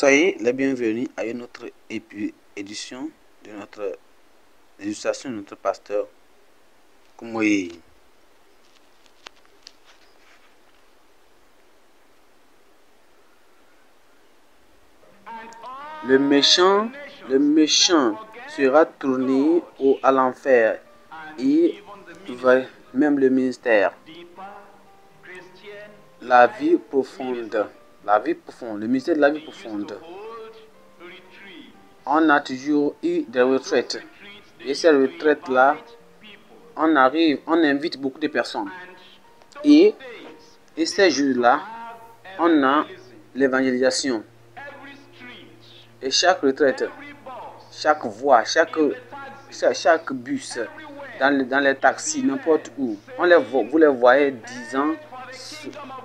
Soyez les bienvenus à une autre édition de notre illustration de notre pasteur Kumoye. Le méchant, le méchant sera tourné au, à l'enfer et même le ministère. La vie profonde la vie profonde, le musée de la vie profonde, on a toujours eu des retraites. Et ces retraites-là, on arrive, on invite beaucoup de personnes. Et, et ces jours-là, on a l'évangélisation. Et chaque retraite, chaque voie, chaque, chaque bus, dans, les, dans les taxis, n'importe où, on les, vous les voyez ans.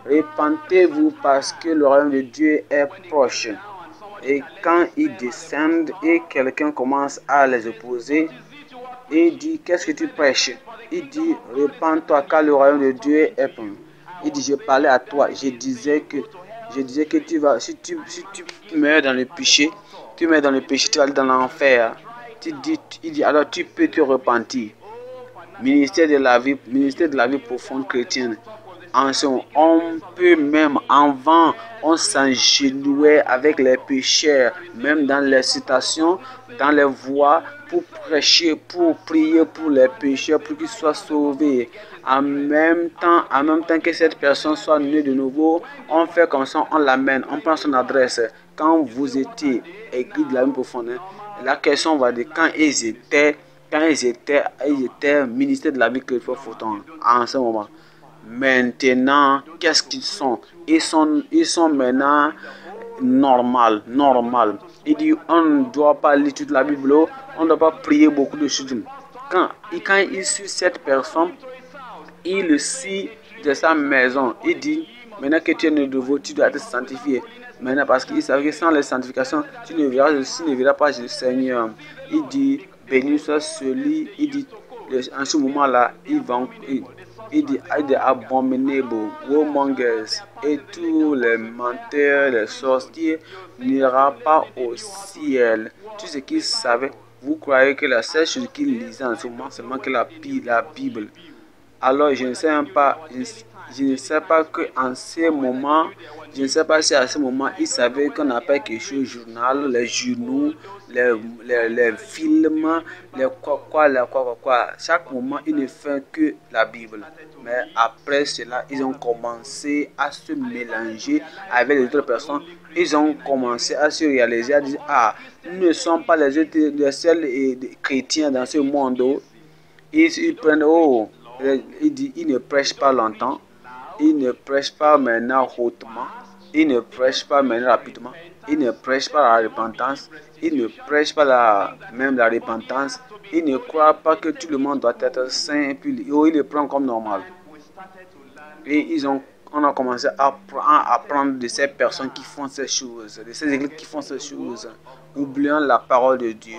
Répentez-vous parce que le royaume de Dieu est proche. Et quand ils descendent et quelqu'un commence à les opposer, il dit Qu'est-ce que tu prêches Il dit Repends-toi car le royaume de Dieu est proche. Il dit Je parlais à toi, je disais que je disais que tu vas, si tu, si tu meurs dans le péché, tu meurs dans le péché, tu vas dans l'enfer. Tu dis, il dit alors tu peux te repentir. Ministère de la vie, ministère de la vie profonde chrétienne on peut homme, peut même avant, on s'engenouait avec les pécheurs, même dans les citations, dans les voies, pour prêcher, pour prier pour les pécheurs, pour qu'ils soient sauvés. En même temps, en même temps que cette personne soit née de nouveau, on fait comme ça, on l'amène, on prend son adresse. Quand vous étiez église de la vie profonde, hein, la question va dire quand ils étaient, quand ils étaient, de la vie que faut en ce moment. Maintenant, qu'est-ce qu'ils sont ils, sont ils sont maintenant normal, normal. Il dit on ne doit pas l'étude de la Bible, on ne doit pas prier beaucoup de choses. Quand, quand il suit cette personne, il le suit de sa maison. Il dit maintenant que tu es nouveau, tu dois être sanctifié. Maintenant, parce qu'il savait que sans la sanctification, tu ne verras, tu ne verras pas le Seigneur. Il dit béni soit celui, il dit en ce moment-là, il va, et des abominables, et tous les menteurs, les sorciers n'ira pas au ciel. Tout ce qu'ils savaient, vous croyez que la seule chose qu'ils lisaient en ce moment, c'est seulement que la, la Bible. Alors je ne sais pas, je ne sais pas que en ce moment, je ne sais pas si à ce moment, ils savaient qu'on appelle quelque chose journal, les journaux, les, les, les films, les quoi, quoi, quoi, quoi, quoi. Chaque moment, ils ne font que la Bible. Mais après cela, ils ont commencé à se mélanger avec les autres personnes. Ils ont commencé à se réaliser, à dire, ah, nous ne sommes pas les, seuls eh, chrétiens dans ce monde. Ils, ils prennent, oh, ils, ils ne prêchent pas longtemps. Il ne prêche pas maintenant hautement. Il ne prêche pas maintenant rapidement. Il ne prêche pas la repentance. Il ne prêche pas même la repentance. Il ne croit pas que tout le monde doit être saint Ils il le prennent comme normal. Et ils ont, on a commencé à apprendre de ces personnes qui font ces choses, de ces églises qui font ces choses, oubliant la parole de Dieu,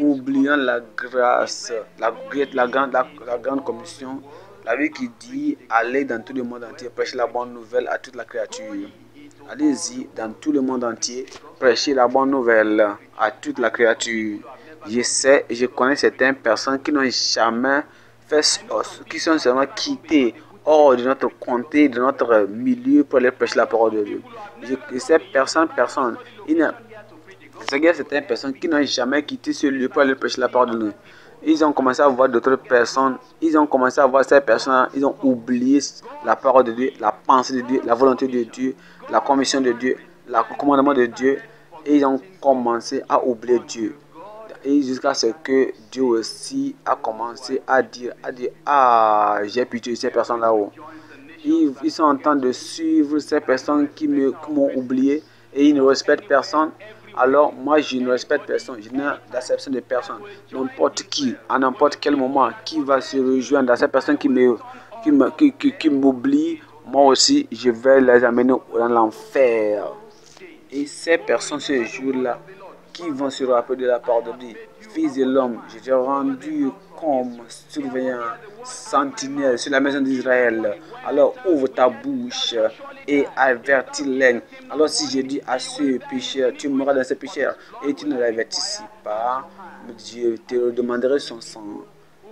oubliant la grâce, la, grande, la grande commission, la vie qui dit Allez dans tout le monde entier, prêchez la bonne nouvelle à toute la créature. Allez-y dans tout le monde entier, prêchez la bonne nouvelle à toute la créature. Je sais, je connais certaines personnes qui n'ont jamais fait, euh, qui sont seulement quittés hors de notre comté, de notre milieu pour aller prêcher la parole de Dieu. Je sais personne, personne. Il y a certaines personnes qui n'ont jamais quitté ce lieu pour aller prêcher la parole de Dieu ils ont commencé à voir d'autres personnes, ils ont commencé à voir ces personnes, ils ont oublié la parole de Dieu, la pensée de Dieu, la volonté de Dieu, la commission de Dieu, le commandement de Dieu, et ils ont commencé à oublier Dieu. Et jusqu'à ce que Dieu aussi a commencé à dire, à dire, ah, j'ai pitié de ces personnes là-haut. Oh. ils, sont en train de suivre ces personnes qui m'ont oublié et ils ne respecte personne, alors moi je ne respecte personne, je n'ai d'acception de personne. N'importe qui, à n'importe quel moment, qui va se rejoindre dans cette personne qui me, qui m'oublie, qui, moi aussi je vais les amener dans l'enfer. Et ces personnes ce jour-là qui vont se rappeler de la part de Dieu. Fils de l'homme, je t'ai rendu comme surveillant, sentinelle sur la maison d'Israël. Alors ouvre ta bouche et avertis-les. Alors si je dis à ce pécheur, tu mourras dans ce pécheur, et tu ne l'avertis pas, Dieu te demanderai son sang.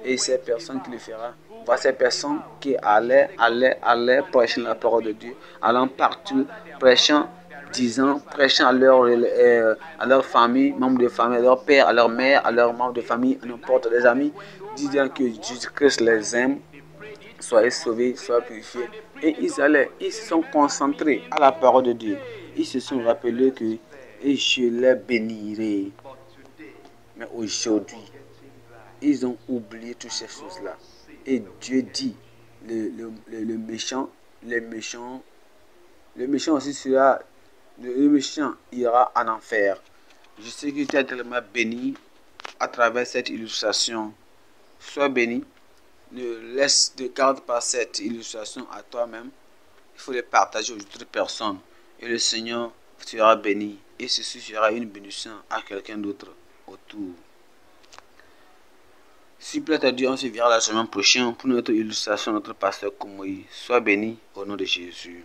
Et ces personnes qui le fera. Voir ces personnes qui allaient, allaient, allaient prêcher la parole de Dieu, allant partout, prêchant disant, prêchant à leur, euh, à leur famille, membres de famille, à leur père, à leur mère, à leurs membres de famille, n'importe, les amis, disant que Jésus-Christ les aime, soyez sauvés, soyez purifiés. Et ils allaient, ils se sont concentrés à la parole de Dieu. Ils se sont rappelés que et je les bénirai. Mais aujourd'hui, ils ont oublié toutes ces choses-là. Et Dieu dit, le, le, le, le méchant, les méchants, le méchant aussi sera le méchant ira en enfer. Je sais que tu es tellement béni à travers cette illustration. Sois béni. Ne laisse, de garde pas cette illustration à toi-même. Il faut le partager aux autres personnes. Et le Seigneur sera béni. Et ceci sera une bénédiction à quelqu'un d'autre autour. S'il plaît à Dieu, on se verra la semaine prochaine pour notre illustration, notre pasteur Koumoui. Sois béni au nom de Jésus.